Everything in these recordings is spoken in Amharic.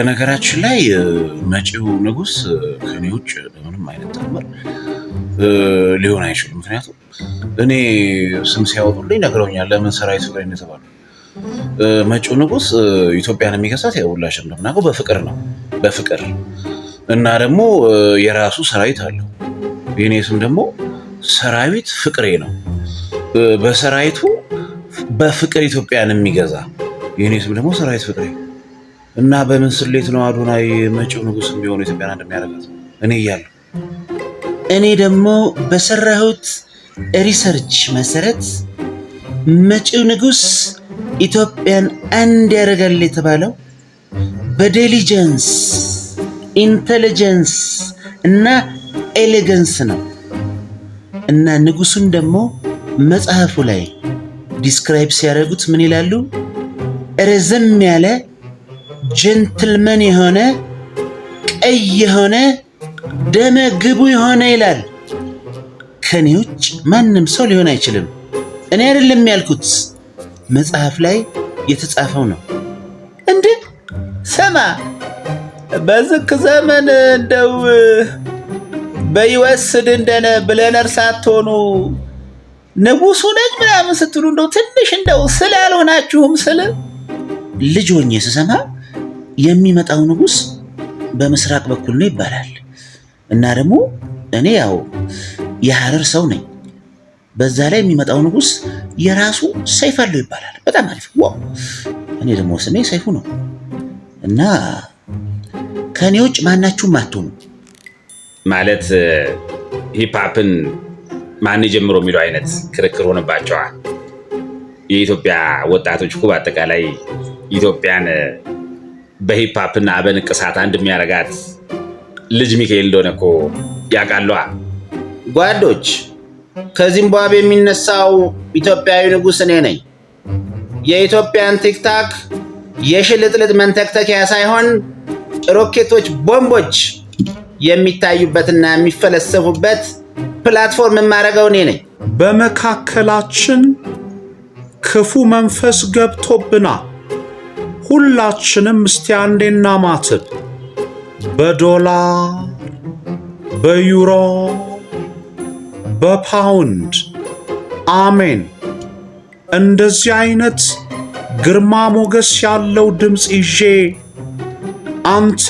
በነገራችን ላይ መጪው ንጉስ ከኔ ውጭ ምንም አይነት ተአምር ሊሆን አይችልም። ምክንያቱም እኔ ስም ሲያወጡልኝ ነግረውኛል። ለምን ሰራዊቱ ላይ እንደተባሉ መጪው ንጉስ ኢትዮጵያን የሚገዛት ሁላችን እንደምናውቀው በፍቅር ነው፣ በፍቅር እና ደግሞ የራሱ ሰራዊት አለው። የኔ ስም ደግሞ ሰራዊት ፍቅሬ ነው። በሰራዊቱ በፍቅር ኢትዮጵያን የሚገዛ የኔ ስም ደግሞ ሰራዊት ፍቅሬ እና በምን ስሌት ነው አዶናይ መጪው ንጉስ እንዲሆኑ ኢትዮጵያን አንድ እኔ እያለሁ እኔ ደግሞ በሰራሁት ሪሰርች መሰረት መጪው ንጉስ ኢትዮጵያን አንድ ያደርጋል የተባለው በዴሊጀንስ ኢንቴሊጀንስ እና ኤሌገንስ ነው። እና ንጉሱን ደግሞ መጽሐፉ ላይ ዲስክራይብ ሲያደርጉት ምን ይላሉ? ረዘም ያለ ጀንትልመን የሆነ ቀይ የሆነ ደመ ግቡ የሆነ ይላል። ከኔ ውጭ ማንም ሰው ሊሆን አይችልም። እኔ አይደለም ያልኩት፣ መጽሐፍ ላይ የተጻፈው ነው። እንዴ ሰማ በዝክ ዘመን እንደው በይወስድ እንደነ ብለነር ሳትሆኑ ንጉሱ ነኝ ምናምን ስትሉ እንደው ትንሽ እንደው ስላልሆናችሁም ስል ልጅ ሆኜ ስሰማ የሚመጣው ንጉስ በምስራቅ በኩል ነው ይባላል እና ደግሞ እኔ ያው የሐረር ሰው ነኝ። በዛ ላይ የሚመጣው ንጉስ የራሱ ሰይፍ አለው ይባላል። በጣም አሪፍ ዋው! እኔ ደግሞ ስሜ ሰይፉ ነው እና ከእኔ ውጭ ማናችሁም አትሆኑ ማለት ሂፓፕን ማን ጀምሮ የሚለው አይነት ክርክር ሆነባቸዋል። የኢትዮጵያ ወጣቶች እኮ በአጠቃላይ ኢትዮጵያን በሂፕሃፕ እና በንቅሳት አንድ የሚያረጋት ልጅ ሚካኤል እንደሆነ እኮ ያውቃለዋ ጓዶች። ከዚምባብዌ የሚነሳው ኢትዮጵያዊ ንጉሥ እኔ ነኝ። የኢትዮጵያን ቲክታክ የሽልጥልጥ መንተክተኪያ ሳይሆን ሮኬቶች፣ ቦምቦች የሚታዩበትና የሚፈለሰፉበት ፕላትፎርም የማደርገው እኔ ነኝ። በመካከላችን ክፉ መንፈስ ገብቶብናል። ሁላችንም እስቲ አንዴ እናማትብ። በዶላር፣ በዩሮ፣ በፓውንድ አሜን። እንደዚህ አይነት ግርማ ሞገስ ያለው ድምፅ ይዤ አንተ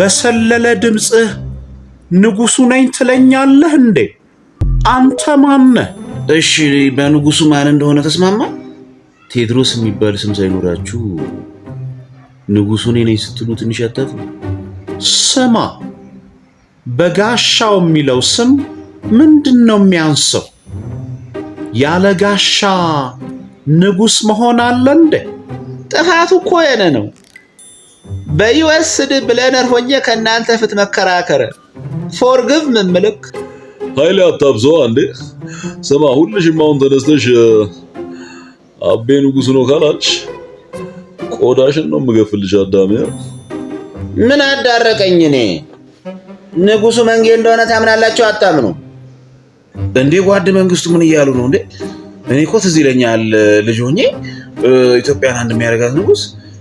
በሰለለ ድምፅህ ንጉሡ ነኝ ትለኛለህ እንዴ? አንተ ማነህ? እሺ፣ በንጉሱ ማን እንደሆነ ተስማማ? ቴድሮስ የሚባል ስም ሳይኖራችሁ ንጉሱ እኔ ነኝ ስትሉ ትንሽ ያታት ስማ፣ በጋሻው የሚለው ስም ምንድን ነው የሚያንሰው? ያለ ጋሻ ንጉስ መሆን አለ እንዴ? ጥፋቱ እኮ የነ ነው። በይወስድ ብለነር ሆኜ ከእናንተ ፍት መከራከረ ፎርግቭ ምምልክ ኃይል አታብዘዋ አንዴ። ስማ ሁልሽም አሁን ተነስተሽ አቤ ንጉስ ነው ካላልሽ ቆዳሽን ነው የምገፍልሽ። አዳሜ ምን አዳረቀኝ? እኔ ንጉሱ መንጌ እንደሆነ ታምናላችሁ አታምኑ እንዴ? ጓድ መንግስቱ ምን እያሉ ነው እንዴ? እኔ እኮ ትዝ ይለኛል ልጅ ሆኜ ኢትዮጵያን አንድ የሚያደርጋት ንጉስ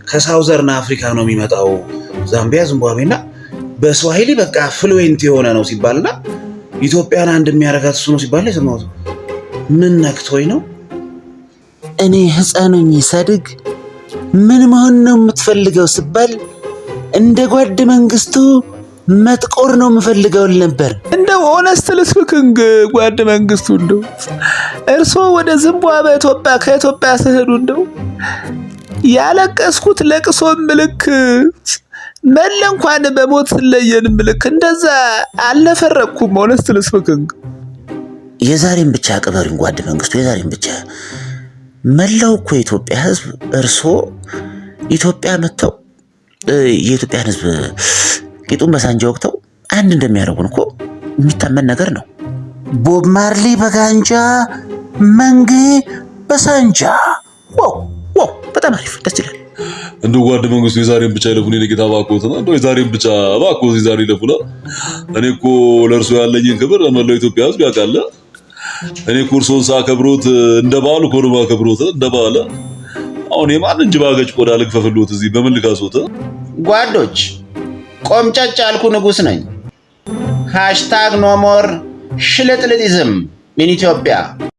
ከሳውዘርን አፍሪካ ነው የሚመጣው፣ ዛምቢያ፣ ዝምባብዌና በስዋሂሊ በቃ ፍሉዌንት የሆነ ነው ሲባልና ኢትዮጵያን አንድ የሚያደርጋት እሱ ነው ሲባል የሰማሁት ምን ነክቶኝ ነው እኔ ሕፃኑኝ ሳድግ ምን መሆን ነው የምትፈልገው ስባል እንደ ጓድ መንግስቱ መጥቆር ነው የምፈልገውን ነበር። እንደው ኦነስት ልስክክንግ ጓድ መንግስቱ እንደው እርስዎ ወደ ዝምቧ በኢትዮጵያ ከኢትዮጵያ ስሄዱ እንደው ያለቀስኩት ለቅሶ ምልክ መለ እንኳን በሞት ስለየን ምልክ እንደዛ አልነፈረቅኩም። ኦነስት ልስክክንግ የዛሬን ብቻ ቅበሩኝ ጓድ መንግስቱ የዛሬን ብቻ መላው እኮ የኢትዮጵያ ህዝብ እርስዎ ኢትዮጵያ መጥተው የኢትዮጵያን ህዝብ ቂጡን በሳንጃ ወቅተው አንድ እንደሚያደርጉን እኮ የሚታመን ነገር ነው። ቦብ ማርሊ በጋንጃ መንጌ በሳንጃ ዋው ዋው! በጣም አሪፍ ደስ ይላል። እንደ ጓድ መንግስቱ የዛሬን ብቻ ይለፉን የጌታ ባኮትና እንደ የዛሬን ብቻ ባኮት የዛሬ ይለፉና እኔ እኮ ለእርሶ ያለኝን ክብር ለመላው ኢትዮጵያ ህዝብ ያውቃል። እኔ ኩርሶን ሳከብሮት እንደባሉ ባል እኮ ነው ማከብሮት እንደ አሁን የማን እንጂ ባገጭ ቆዳ ልግፈፍሎት እዚህ በምን ልካሶት? ጓዶች ቆምጨጭ አልኩ ንጉስ ነኝ። ሃሽታግ ኖሞር ሽልጥልጥዝም ኢን ኢትዮጵያ